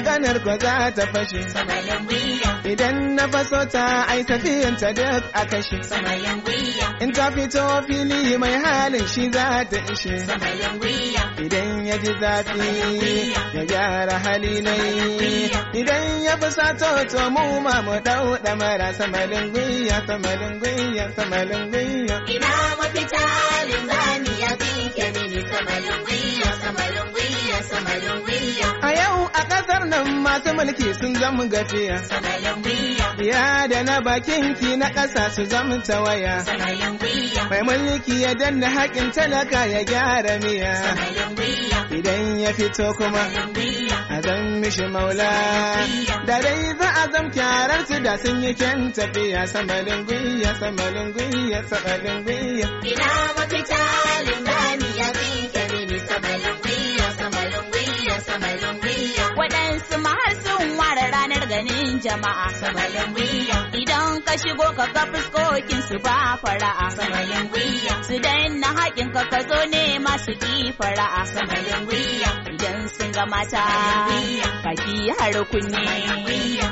maganar ko za ta fashe. Idan na faso ta ai ta duk a kashe. In ta fito fili mai halin shi za ta ishe. Idan ya ji zafi ya gyara hali nai. Idan ya fi sato to mu ma mu dau mara samalin gwiya samalin gwiya samalin gwiya. Ina mafita linzami ya zinke mini samalin gwiya samalin gwiya samalin gwiya. a ƙasar nan masu mulki sun zama gafiya. Ya da na bakin ki na ƙasa su zama tawaya. Mai mulki ya danna haƙin talaka ya gyara miya. Idan ya fito kuma a zan mishi maula. Da dai za a zan kyarar su da sun yi kyan tafiya samalin gwiya samalin gwiya samalin gwiya. Ina mafita limani ya zinke mini samalin gwiya samalin gwiya samalin su har sun ware ranar ganin jama'a. Idan ka shigo ka ga fuskokin su ba fara'a. Su daina haƙin ka ka zo ne masu ki fara'a. Idan sun ga mata. Kaki har kunne.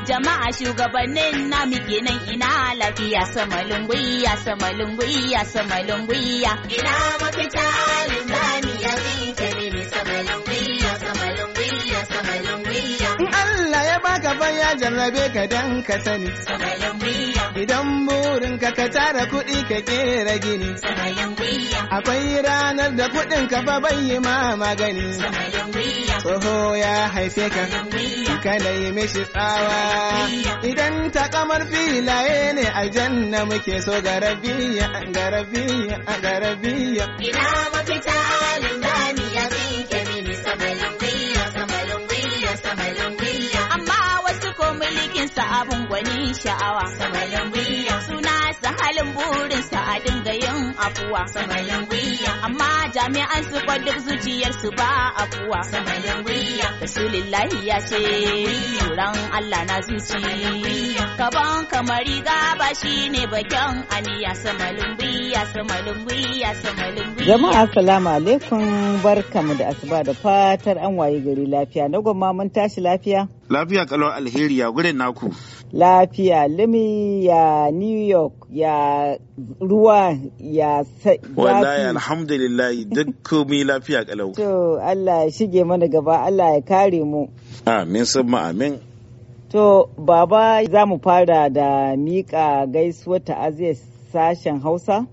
Jama'a shugabannin na muke nan ina lafiya. Samalin wiya, samalin samalin Ina mafita alimba. ya jarrabe ka dan ka sani. Idan burin ka ka tara kuɗi ka kera gini. Akwai ranar da kuɗin ka fa bai yi ma magani. Tsoho ya haife ka, kana yi mishi tsawa. Idan ta kamar filaye ne a janna muke so garabiya, garabiya, garabiya. Ina mafita sa abun gwani sha'awa samayin wiya suna sa halin burin sa a dinga yin afuwa samayin wiya amma jami'an su kwa duk zuciyar su ba afuwa samayin wiya rasulullahi ya ce turan Allah na zuci kaban kamari gaba shine bakin aniya samalin wiya samalin wiya samalin wiya jama'a assalamu alaikum barkamu da asuba da fatar an waye gari lafiya na gwamma mun tashi lafiya Lafiya kalau alheri ya gurin naku. Lafiya limi ya New York ya ruwa ya Wallahi alhamdulillah duk komai lafiya kalau. To Allah ya shige mana gaba Allah ya kare mu. Amin summa amin. To baba za mu fara da mika gaisuwar ta'aziyar sashen Hausa.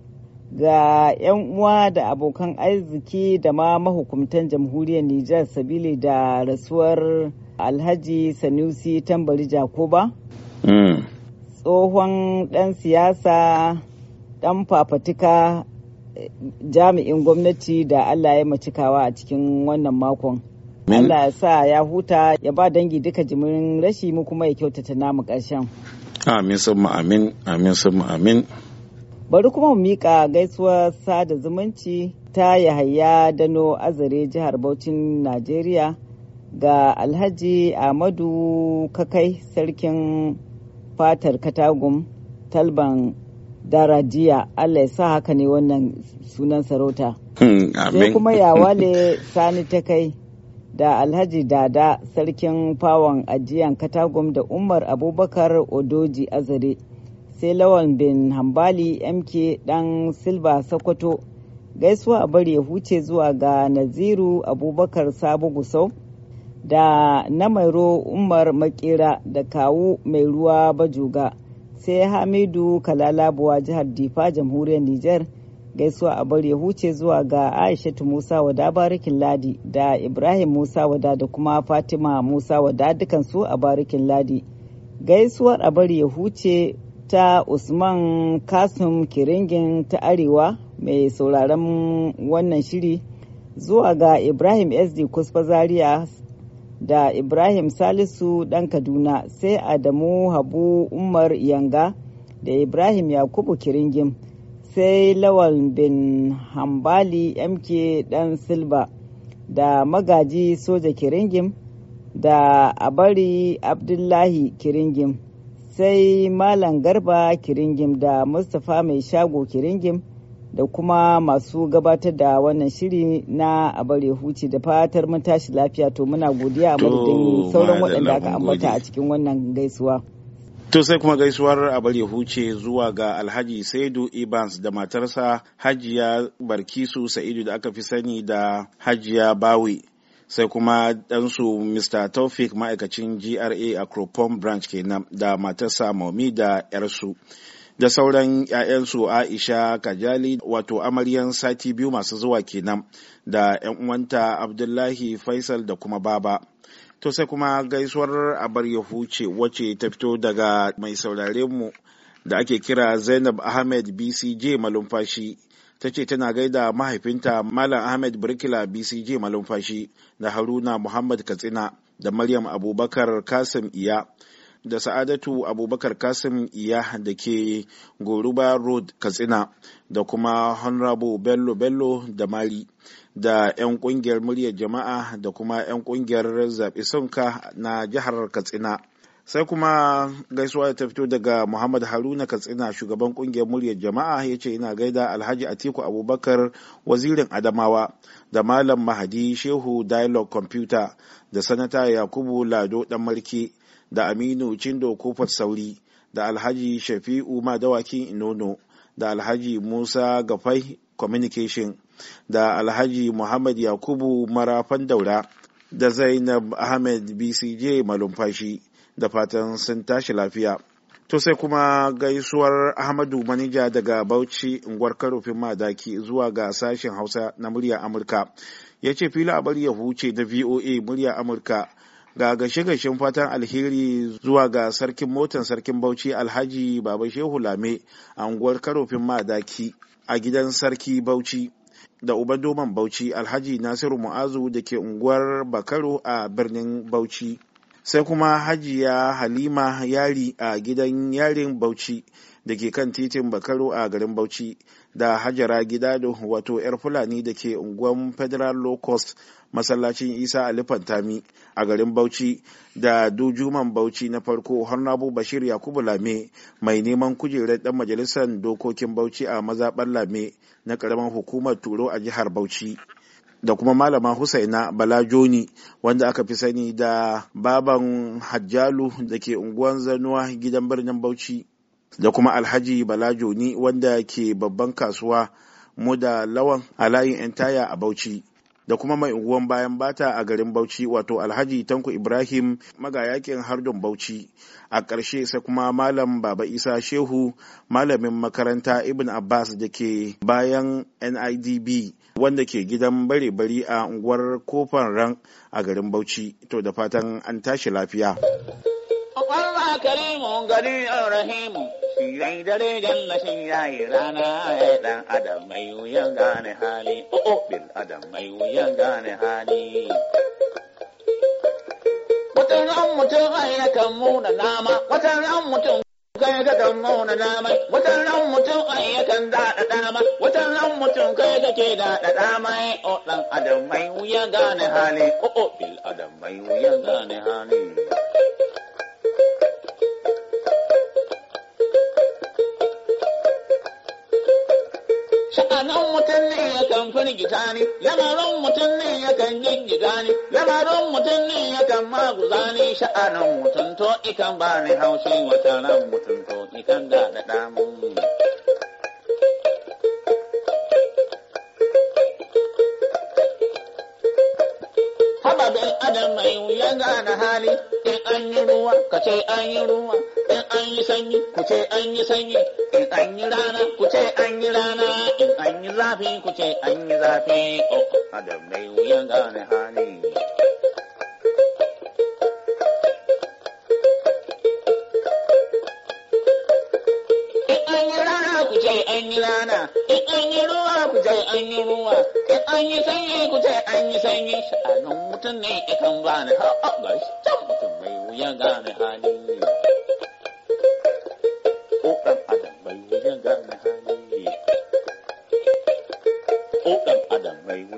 ga 'yan uwa da abokan arziki da ma mahukumtan jamhuriyar Nijar sabili da rasuwar alhaji sanusi tambari jakuba mm. tsohon ɗan siyasa ɗan fafatika jami'in gwamnati da allah ya macikawa a cikin wannan makon allah ya sa ya huta ya ba dangi duka jimirin rashi mu kuma ya kyautata namu ƙarshen amin sun amin amin amin bari kuma mu miƙa gaisuwar sada zumunci ta yahaya dano azare jihar Bauchin Najeriya ga alhaji ahmadu kakai sarkin fatar katagum talban darajiya allah ya sa haka ne wannan sunan sarauta hmm, sai kuma yawale sani ta kai da alhaji dada sarkin fawon ajiyan katagum da umar abubakar odoji azare sai lawan bin hambali mk dan silba sokoto gaisuwa a bari ya huce zuwa ga naziru abubakar sabo gusau da na mairo umar makera da kawu mai ruwa bajoga sai hamidu kalalabuwa jihar difa jamhuriyar niger gaisuwa a bari huce zuwa ga aishatu musa wada barikin ladi da ibrahim musa wada da kuma fatima musa wada dukansu a barikin ladi gaisuwar a bari huce ta usman kasum kiringin ta arewa mai sauraron wannan shiri zuwa ga ibrahim sd kusfa zaria da Ibrahim Salisu ɗan Kaduna sai Adamu Habu Umar Yanga da Ibrahim Yakubu Kiringim sai Lawal bin Hambali MK ɗan Silba da Magaji Soja Kiringim da Abari Abdullahi Kiringim sai Malam Garba Kiringim da Mustapha Mai Shago Kiringim. da kuma masu gabatar da wannan shiri na a bare da fatar mun tashi lafiya to muna godiya a madadin sauran waɗanda aka ambata a cikin wannan gaisuwa. To sai kuma gaisuwar a bare huce zuwa ga Alhaji Saidu Ibans da matarsa Hajiya Barkisu Sa'idu da aka fi sani da Hajiya Bawi. sai kuma ɗansu Mr. Taufik ma'aikacin GRA a Cropon Branch kenan da matarsa Maumi da 'yarsu. da sauran 'ya'yansu aisha kajali wato amaryan sati biyu masu zuwa kenan da 'yan uwanta abdullahi faisal da kuma baba to sai kuma gaisuwar abar ya huce wacce ta fito daga mai saurare mu da ake kira zainab ahmed bcj malumfashi ta ce tana gaida mahaifinta malam ahmed birkila bcj malumfashi da haruna muhammad katsina da maryam abubakar kasim iya da sa'adatu abubakar kasim iya da ke goruba road katsina da kuma honorable bello bello da mari da 'yan kungiyar muryar jama'a da kuma 'yan kungiyar zaɓi sunka na jihar katsina sai kuma gaisuwa ta fito daga muhammad haruna katsina shugaban kungiyar muryar jama'a ya ce yana gaida alhaji atiku abubakar wazirin adamawa da malam mahadi shehu dialogue computer da sanata yakubu lado dan marke. da aminu cindo kofar sauri da alhaji shafi'u madawakin inono da alhaji musa gafai communication da alhaji muhammad yakubu marafan daura da zainab ahmed bcj malumfashi da fatan sun tashi lafiya to sai kuma gaisuwar ahmadu manija daga bauchi unguwar karofin madaki zuwa ga sashen hausa na murya amurka ya ce fila a bari ya huce na voa murya amurka ga gashe-gashen fatan alheri zuwa ga sarkin motan sarkin bauchi alhaji baba shehu lame a unguwar karofin madaki a gidan sarki bauchi da uba doman bauchi alhaji nasiru mu'azu da ke unguwar bakaro a birnin bauchi sai kuma hajiya halima yari a gidan yarin bauchi da ke kan titin bakaro a garin bauchi da hajara gida da wato 'yar fulani da ke unguwan federal low cost masallacin isa alifantami a garin bauchi da dujuman bauchi na farko harnabu bashir yakubu lame mai neman kujerar dan majalisar dokokin bauchi a mazaɓar lame na ƙaramin hukumar turo a jihar bauchi da kuma malama husaina bala joni wanda aka fi sani da baban hajjalu da ke unguwan zanuwa gidan birnin bauchi da kuma alhaji bala joni wanda ke babban kasuwa mu da lawan a layin 'yan taya a bauchi da kuma mai unguwan bayan bata a garin bauchi wato alhaji tanko ibrahim magayakin hardon bauchi a ƙarshe sai kuma malam baba isa shehu malamin makaranta ibn abbas da ke bayan nidb wanda ke gidan bare-bari a unguwar kofar ran a garin bauchi to da fatan an tashi lafiya Allah karimu gari rahimu shi rai dare na shi ya yi rana ya dan adam mai wuyan gane hali o oh, oh, bil adam mai wuyan gane hali wata ran mutum ai na kan muna nama wata ran mutum kai ga kan muna nama wata ran mutum ai ya kan daɗa dama wata ran mutum kai ga ke daɗa dama o oh, dan adam mai wuyan gane hali o bil adam mai wuyan gane hali Sha'anin mutum ne yakan gita ne, lamarin mutum ne yakan gita ne, lamarin mutum ne yakan maguza ne, sha'anin mutum to ikan ba ni haushi wata ran mutum to ikan da da damun. Haba bin adam mai wuya gane hali, in an yi ruwa, ka ce an yi ruwa, an yi sanyi ku ce an yi sanyi in an yi rana ku ce an yi rana in an yi zafi ku ce an yi zafi oh, oh adam mai wuyan gane hali ce an yi rana, in an yi ruwa ku ce an yi ruwa, in an yi sanyi ku ce an yi sanyi, sha'anin mutum ne ikan bani ha'a ga shi can mutum mai wuya gane hali.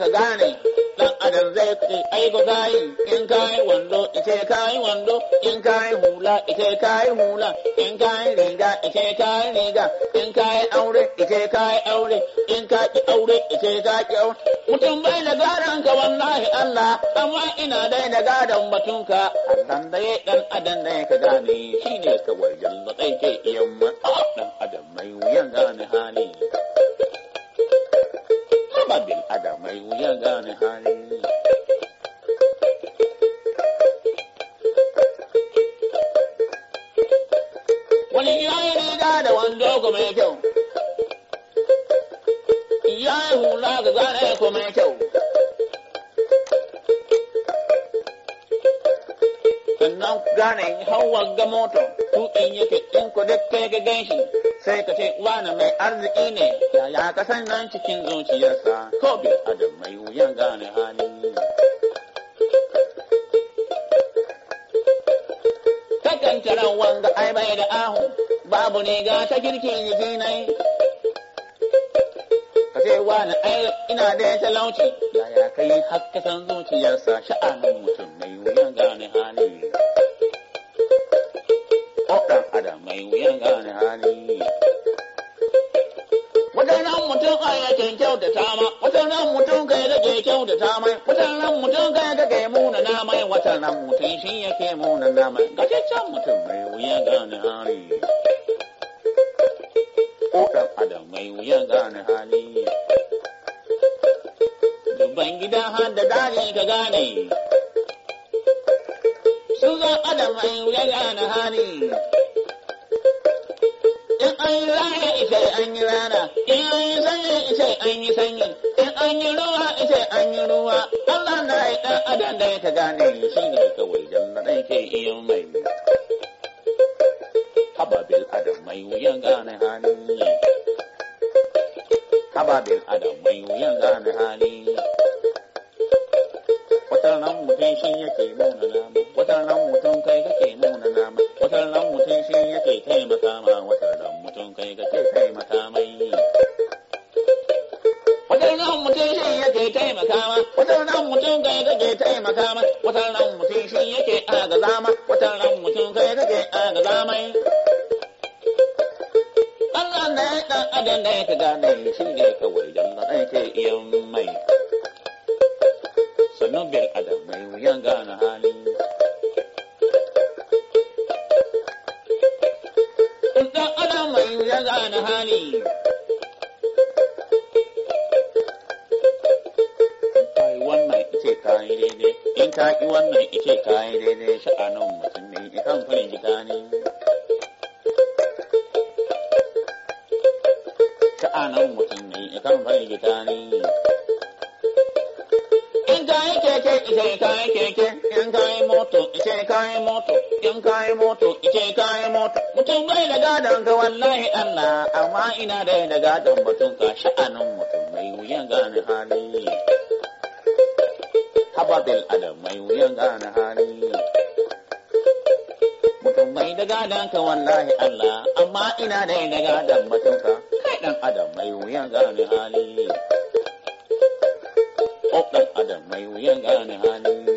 ka gane dan adam zai ce ai go in kai wando ice kai wando in kai hula ice kai hula in kai riga ice kai riga in kai aure ice kai aure in kai aure ice kai ki aure mutum bai da garan ka wallahi Allah amma ina dai da garan A ka Allah dai dan adam dai ka gane shine kawai matsayin ke yamma ah, dan adam mai wuyan gane hali mai wuya gane hali wani yi riga da wando ku mai kyau ya yi hula ga gane ku mai kyau sannan gane hawa ga motar tuƙin yake in ku duk kai ga ganshi sai ka ce wani mai arziki ne yaya ka san nan cikin zuciyarsa ko bil adam mai wuyan gane hali takan taron wanga ai bai da ahu babu ne ga ta kirkin zinai ka ce wani ai ina da talauci yaya kai hakka san zuciyarsa sha'anin mutum mai wuyan gane hali adam mai wuyan gane hali wata ran mutum kai yake kyautata ma wata ran mutum kai yake kyautata mai wata ran mutum kai ga kai muna na mai wata ran mutum shi yake muna na mai gataccen mutum mai wuyan gane hali ko dan adam mai wuyan gane hali Duban gida har da dali ka gane, sun zo adam mai wuyan gane hali. an rana ita an yi rana, in an yi sanyi ita an yi sanyi, in an yi ruwa ita an yi ruwa, Allah na yi ɗan adam da ya ta gane shi ne kawai jannatai ke iya mai. Haba bil adam mai wuyan gane hali. Haba bil adam mai wuyan gane hali. Wata nan mutum shi yake nuna nama, wata nan mutum kai kake nuna nama, wata nan mutum shi yake taimaka ma kai ga kai taimaka mai. Watan nan mutum shi yake taimaka ma, watan nan mutum kai ga ke taimaka ma, watan nan mutum shi yake agaza ma, watan nan mutum kai ga ke agaza mai. Allah ne dan adam ne ka gane shi ne kawai dan da ke iya mai. zana hali. wannan in ka ki wannan daidai sha'anin mutum ne ikan ne sha'anin mutum ne ikan ne in keke keke in moto moto in kayi moto ike kayi moto mutum bai da gadon ga wallahi Allah amma ina da da gadon mutum ka sha'anin mutum mai wuyan gane hali hababil adam mai wuyan gane hali mutum bai da gadon ka wallahi Allah amma ina da da gadon mutum ka kai dan adam mai wuyan gane hali Oh, dan adam mai wuyan gane hali.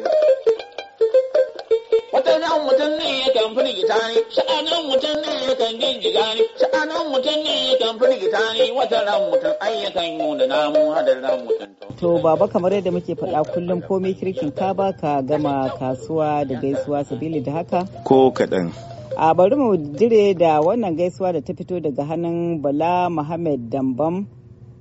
sha'anan mutum ne ya kan firgita ne sha'anan mutum ne ya kan gingiga ne sha'anan mutum ne ya kan firgita ne wata ran mutum kan yi da namu hadar ran mutum to baba kamar yadda muke faɗa kullum komai kirkin ka ba ka gama kasuwa da gaisuwa sabili da haka ko kaɗan a bari mu dire da wannan gaisuwa da ta fito daga hannun bala muhammad dambam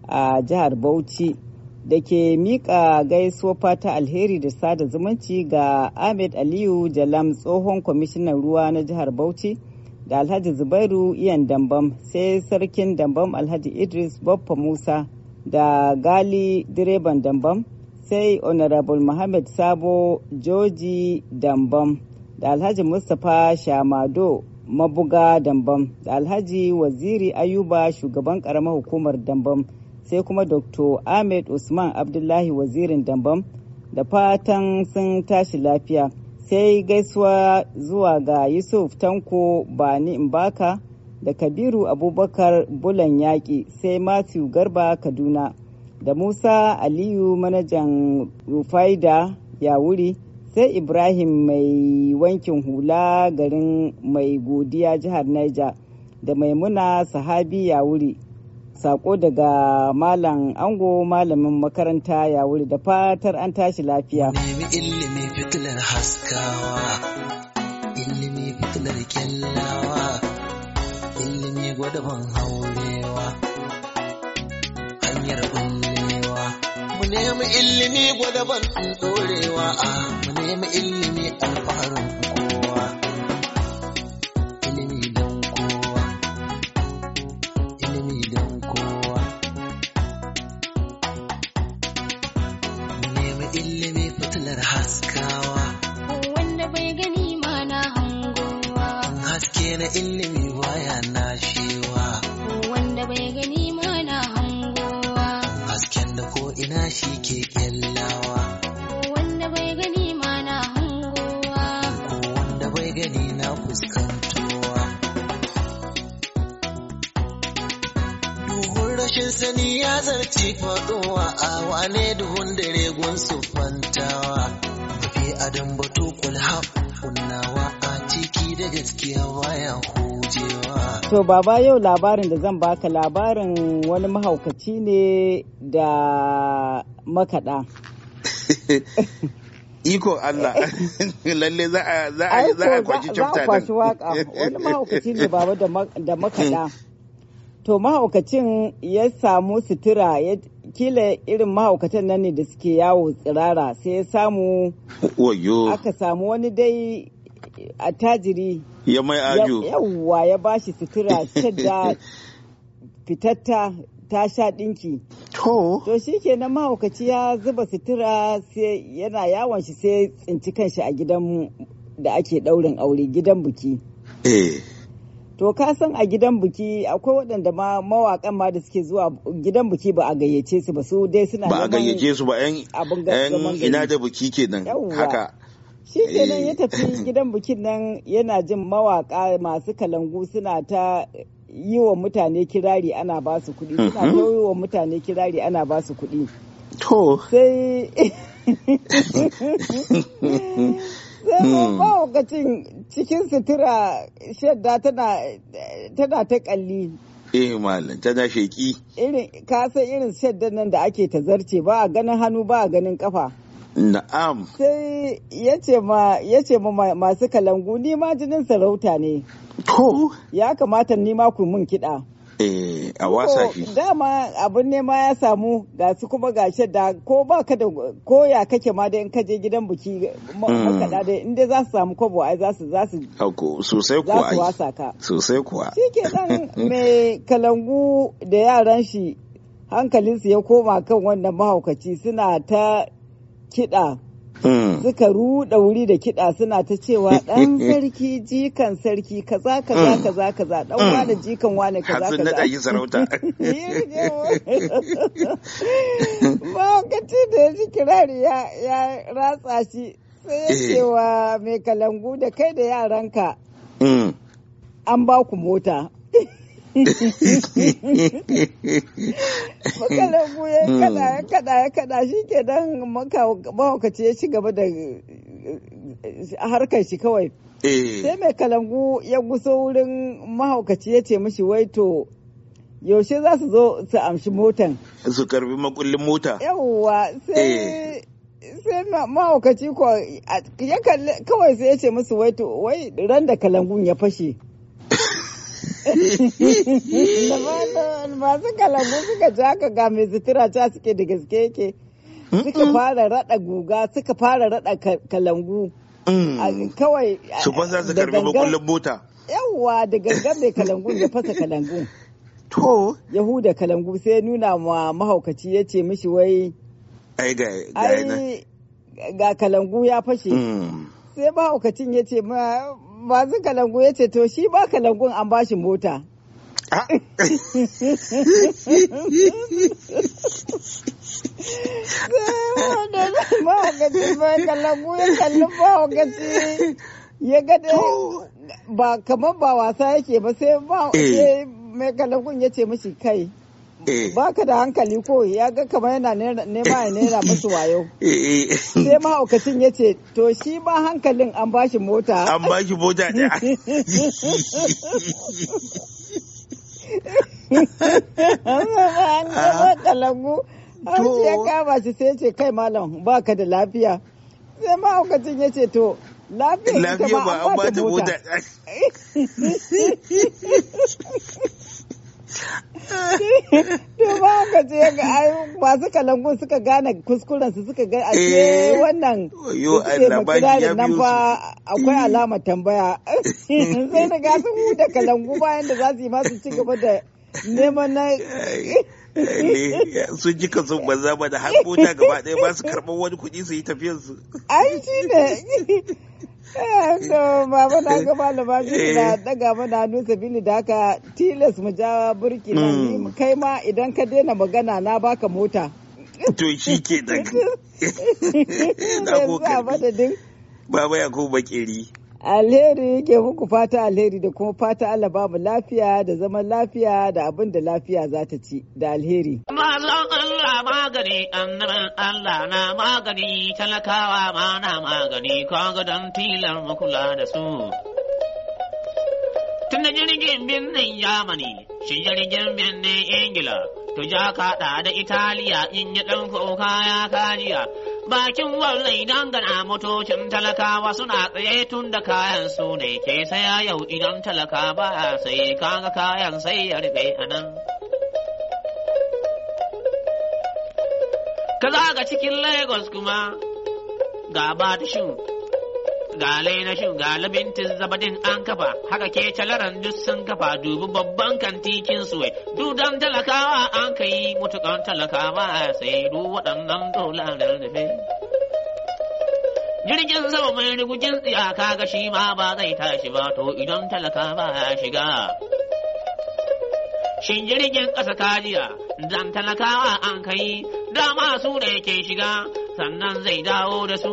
a jihar bauchi da ke miƙa gaisuwa fata alheri da sada zumunci ga ahmed aliyu jalam tsohon kwamishinan ruwa na jihar bauchi da alhaji zubairu iyan dambam sai sarkin dambam alhaji idris baffa musa da gali direban dambam sai honorable mohammed sabo joji dambam da alhaji mustapha shamado mabuga dambam da alhaji waziri ayuba shugaban karamar hukumar dambam sai kuma dr ahmed usman abdullahi wazirin dambam da fatan sun tashi lafiya sai gaisuwa zuwa ga yusuf tanko bani mbaka da kabiru abubakar bulan yaƙi sai matthew garba kaduna da musa aliyu manajan rufaida yawuri sai ibrahim mai wankin hula garin mai godiya jihar niger da maimuna sahabi yawuri Sako daga Malam Ango malamin makaranta ya wuri da fatar an tashi lafiya. Nemi ilimi fitilar haskawa, ilimi fitilar kyallawa, ilimi gwadaban haurewa, hanyar kullewa. Mu nemi ilimi gwadaban dorewa, mu nemi ilimi alfaharin fuskantowa. Duhun rashin sani ya zarci faɗowa a wane duhun dare gun su fantawa. Bake adam batu kulha kunnawa a ciki da gaskiya baya hujewa. To baba yau labarin da zan baka labarin wani mahaukaci ne da makaɗa. Iko Allah, lalle za a a kwaci chapter din wani mahaukaci ne baba da makada To mahaukacin ya samu sutura ya kila irin mahaukatan nan ne da suke yawo tsirara sai ya samu aka samu wani dai tajiri ya mai ajo yawwa ya bashi sutura shadda fitatta ta sha dinki To. To shi ke nan mahaukaci ya zuba sutura sai yana yawon shi sai tsinci kanshi a gidan da ake ɗaurin aure gidan buki. Eh. To ka san a gidan buki akwai waɗanda ma mawaƙan ma da suke zuwa gidan buki ba a gayyace su ba su dai suna ba a gayyace su ba yan ina da buki nan haka. Shi nan eh. ya tafi gidan bukin nan yana jin mawaƙa masu kalangu suna ta yi wa mutane kirari ana ba su kuɗi suna mhm. ta yi wa mutane kirari ana ba su kuɗi to sai ba lokacin hmm. cikin sutura shadda tana ta kalli eh malam tana sheki irin ka san irin shadda nan da ake tazarce ba a ganin hannu ba a ganin kafa Na'am. Sai ya ce ma masu kalangu ni ma jinin sarauta ne. To. Ya kamata ni ma ku mun kiɗa. Eh, a wasa shi. Dama abin nema ya samu ga su kuma ga da ko ba ka da ko ya kake ma da in ka je gidan biki mm. makaɗa da in dai za su samu kwabo ai za su za su. Hako sosai kuwa. Za su wasa ka. Sosai kuwa. Shi ke san mai kalangu da yaran shi hankalinsu ya koma kan wannan mahaukaci suna ta kiɗa hmm. suka ruɗa wuri da kiɗa suna ta cewa ɗan sarki jikan sarki kaza kaza hmm. kaza kaza ɗan hmm. wane jikan wane kaza kaza. Hatsun yi sarauta. da ya ji kirari ya ratsa shi sai ya eh. cewa mai kalangu da kai da yaranka. An ba ku mota. makalangu ya kada ya kada ya kada shi ke don mahaukaci ya ci gaba da eh, harkar shi kawai eh. sai mai kalangu ya guso wurin mahaukaci ya ce mishi wai to yaushe za su zo su amshi motan su karbi makullin mota yawwa sai eh. sai mahaukaci ko ya kawai sai ya ce musu wai wai ran da kalangun ya fashe masu kalangu suka ja ka ga mai sutura ta suke da gaske yake suka fara rada guga suka fara rada kalangu mm. kawai su za su karbi bakullin mota yawwa da gangan mai kalangun ya fasa kalangun to yahuda kalangu sai nuna ma mahaukaci ya ce mishi wai ai ga kalangu ya fashe mm. sai mahaukacin ya ce ma ba zu kalangu ya ce to shi ba kalangun an bashi mota ya ba kamar ba wasa yake ba sai ba mai kalangun ya ce mashi kai Eh. ba ka da hankali ko ya ga kamar yana nema ya nera musu wayo eh, eh. sai ma okacin ya ce to shi ba hankalin an bashi mota an bashi mota ɗaya an gaba ah. kalangu an ya kama shi sai ce kai malam ba ka da lafiya sai ma okacin ya ce to lafiya ba an ba mota to ba ka je ga ai masu kalangu suka gane kuskuren su suka ga a ce eh. wannan yo labari ya biyo akwai alama tambaya sai na ga sun huta kalangu bayan da za su yi masu ci gaba da neman na sun ji kaso ba za ba da har mota gaba ɗaya ba su karɓar wani kuɗi su yi tafiyarsu. Ai shi ne Eh, so mama na ga malama eh. na daga mana hannu sabili da haka tilas mu ja burki na mm. kai ma idan ka daina magana na baka mota to shi ke da na ba ya ko bakeri alheri ke muku fata alheri da kuma fata Allah babu lafiya da zaman lafiya da abin da lafiya za ta ci da alheri. Mazan Allah magani, annaban Allah na magani, talakawa ma na magani, kaga don tilar makula da su. Tun da jirgin birnin Yamani, shi jirgin birnin Ingila, to ja kaɗa da Italiya in yi ɗan kuka ya kariya. Bakin wallai dangana motocin talakawa suna tsaye tun da kayan su ne ke saya yau idan talaka ba sai kaga kayan sai ya rufe a nan. Ka zaga cikin Lagos kuma ga Batishin ga laina shin ga labintin zabadin an kafa haka ke calaran duk sun kafa Dubu, babban kantikin Duk dudan talakawa an kai mutukan talakawa sai du waɗannan dolarar da jirgin sama mai rigujin tsiyaka ga shi ma ba zai tashi ba to idan talaka ba ya shiga shin jirgin ƙasa kajiya dan talakawa an kai dama su da yake shiga sannan zai dawo da su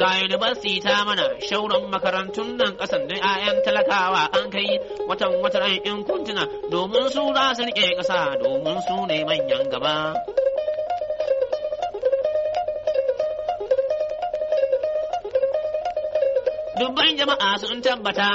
ga university ta mana shauran makarantun nan kasan da 'ya'yan talakawa an kai watan watan in kuntuna domin su za su rike kasa domin su ne manyan gaba dubban jama'a sun tabbata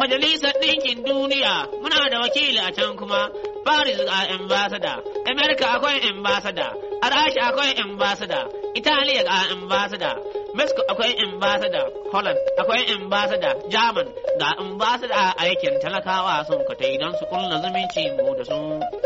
majalisar ɗinkin duniya muna da wakili a can kuma paris ga ambassador america akwai ambassador a Rasha akwai ambassador, Italiya ga ambassador, Mexico akwai ambassador, Holland akwai ambassador, German ga ambassador a aikin talakawa sun katai don su kulla zumunci mu da su.